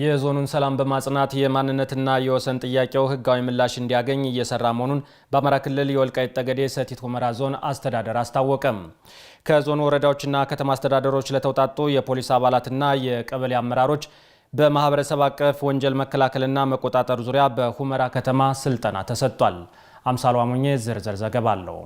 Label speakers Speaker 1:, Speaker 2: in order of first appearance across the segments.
Speaker 1: የዞኑን ሰላም በማጽናት የማንነትና የወሰን ጥያቄው ህጋዊ ምላሽ እንዲያገኝ እየሰራ መሆኑን በአማራ ክልል የወልቃይት ጠገዴ ሰቲት ሁመራ ዞን አስተዳደር አስታወቀም። ከዞኑ ወረዳዎችና ከተማ አስተዳደሮች ለተውጣጡ የፖሊስ አባላትና የቀበሌ አመራሮች በማህበረሰብ አቀፍ ወንጀል መከላከልና መቆጣጠር ዙሪያ በሁመራ ከተማ ስልጠና ተሰጥቷል። አምሳሉ አሞኜ ዝርዝር ዘገባ አለው።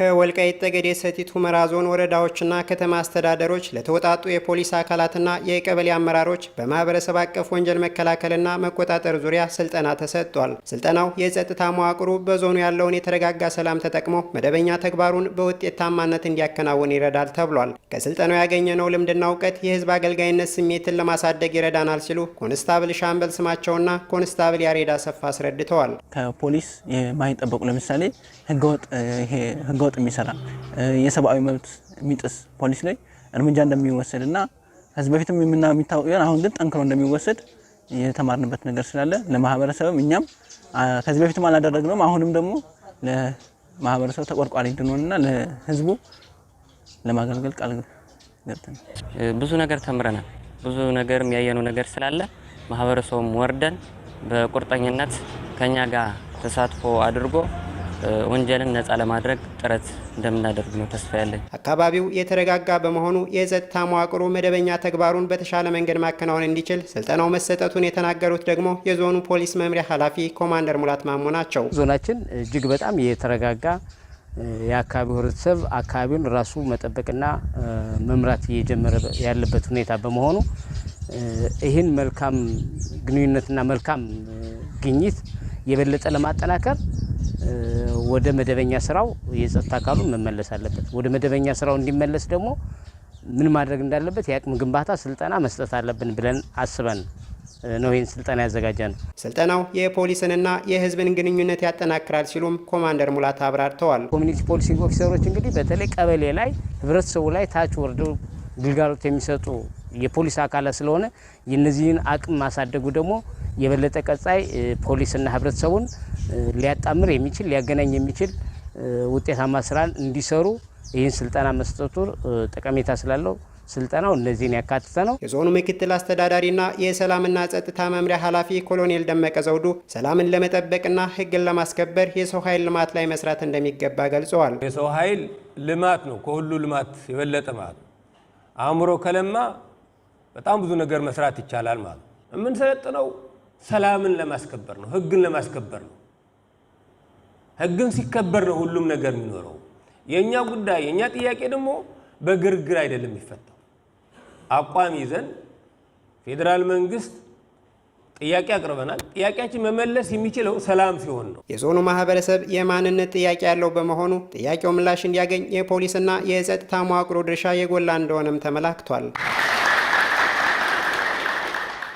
Speaker 1: ከወልቃይት ጠገዴ ሰቲት ሁመራ ዞን ወረዳዎችና ከተማ አስተዳደሮች ለተወጣጡ የፖሊስ አካላትና የቀበሌ አመራሮች በማህበረሰብ አቀፍ ወንጀል መከላከልና መቆጣጠር ዙሪያ ስልጠና ተሰጥቷል። ስልጠናው የጸጥታ መዋቅሩ በዞኑ ያለውን የተረጋጋ ሰላም ተጠቅሞ መደበኛ ተግባሩን በውጤታማነት እንዲያከናውን ይረዳል ተብሏል። ከስልጠናው ያገኘነው ልምድና እውቀት የህዝብ አገልጋይነት ስሜትን ለማሳደግ ይረዳናል ሲሉ ኮንስታብል ሻምበል ስማቸውና ኮንስታብል ያሬዳ ሰፋ አስረድተዋል።
Speaker 2: ከፖሊስ የማይጠበቁ ለምሳሌ ህገወጥ ነውጥ የሚሰራ የሰብአዊ መብት የሚጥስ ፖሊስ ላይ እርምጃ እንደሚወሰድ እና ከዚህ በፊትም የሚታወቅ ቢሆን አሁን ግን ጠንክሮ እንደሚወሰድ የተማርንበት ነገር ስላለ ለማህበረሰብም እኛም ከዚህ በፊትም አላደረግነውም አሁንም ደግሞ ለማህበረሰብ ተቆርቋሪ እንድንሆንና ለህዝቡ ለማገልገል ቃል
Speaker 3: ገብተን ብዙ ነገር ተምረናል። ብዙ ነገር የሚያየነው ነገር ስላለ ማህበረሰቡም ወርደን በቁርጠኝነት ከኛ ጋር ተሳትፎ አድርጎ ወንጀልን ነጻ ለማድረግ ጥረት እንደምናደርግ ነው ተስፋ ያለን።
Speaker 1: አካባቢው የተረጋጋ በመሆኑ የጸጥታ መዋቅሩ መደበኛ ተግባሩን በተሻለ መንገድ ማከናወን እንዲችል ስልጠናው መሰጠቱን የተናገሩት ደግሞ የዞኑ ፖሊስ መምሪያ ኃላፊ ኮማንደር ሙላት ማሞ ናቸው።
Speaker 4: ዞናችን እጅግ በጣም የተረጋጋ የአካባቢው ህብረተሰብ አካባቢውን ራሱ መጠበቅና መምራት እየጀመረ ያለበት ሁኔታ በመሆኑ ይህን መልካም ግንኙነትና መልካም ግኝት የበለጠ ለማጠናከር ወደ መደበኛ ስራው የጸጥታ አካሉን መመለስ አለበት። ወደ መደበኛ ስራው እንዲመለስ ደግሞ ምን ማድረግ እንዳለበት የአቅም ግንባታ ስልጠና መስጠት አለብን ብለን አስበን ነው ይህን ስልጠና ያዘጋጀ ነው።
Speaker 1: ስልጠናው የፖሊስንና የህዝብን ግንኙነት ያጠናክራል ሲሉም ኮማንደር ሙላት አብራርተዋል።
Speaker 4: ኮሚኒቲ ፖሊሲንግ ኦፊሰሮች እንግዲህ በተለይ ቀበሌ ላይ ህብረተሰቡ ላይ ታች ወርደው ግልጋሎት የሚሰጡ የፖሊስ አካላት ስለሆነ የነዚህን አቅም ማሳደጉ ደግሞ የበለጠ ቀጻይ ፖሊስና ህብረተሰቡን ሊያጣምር የሚችል ሊያገናኝ የሚችል ውጤታማ ስራን እንዲሰሩ ይህን ስልጠና መስጠቱ ጠቀሜታ ስላለው ስልጠናው እነዚህን ያካተተ ነው።
Speaker 1: የዞኑ ምክትል አስተዳዳሪና የሰላምና ጸጥታ መምሪያ ኃላፊ ኮሎኔል ደመቀ ዘውዱ ሰላምን ለመጠበቅና ህግን ለማስከበር የሰው ኃይል ልማት ላይ መስራት እንደሚገባ ገልጸዋል።
Speaker 5: የሰው ኃይል ልማት ነው ከሁሉ ልማት የበለጠ ማለት ነው። አእምሮ ከለማ በጣም ብዙ ነገር መስራት ይቻላል ማለት ነው። የምንሰለጥነው ሰላምን ለማስከበር ነው፣ ህግን ለማስከበር ነው። ህግን ሲከበር ነው ሁሉም ነገር የሚኖረው። የእኛ ጉዳይ የእኛ ጥያቄ ደግሞ በግርግር አይደለም የሚፈታው። አቋም ይዘን ፌዴራል መንግስት ጥያቄ አቅርበናል። ጥያቄያችን መመለስ የሚችለው ሰላም ሲሆን ነው።
Speaker 1: የዞኑ ማህበረሰብ የማንነት ጥያቄ ያለው በመሆኑ ጥያቄው ምላሽ እንዲያገኝ የፖሊስና የጸጥታ መዋቅሮ ድርሻ የጎላ እንደሆነም ተመላክቷል።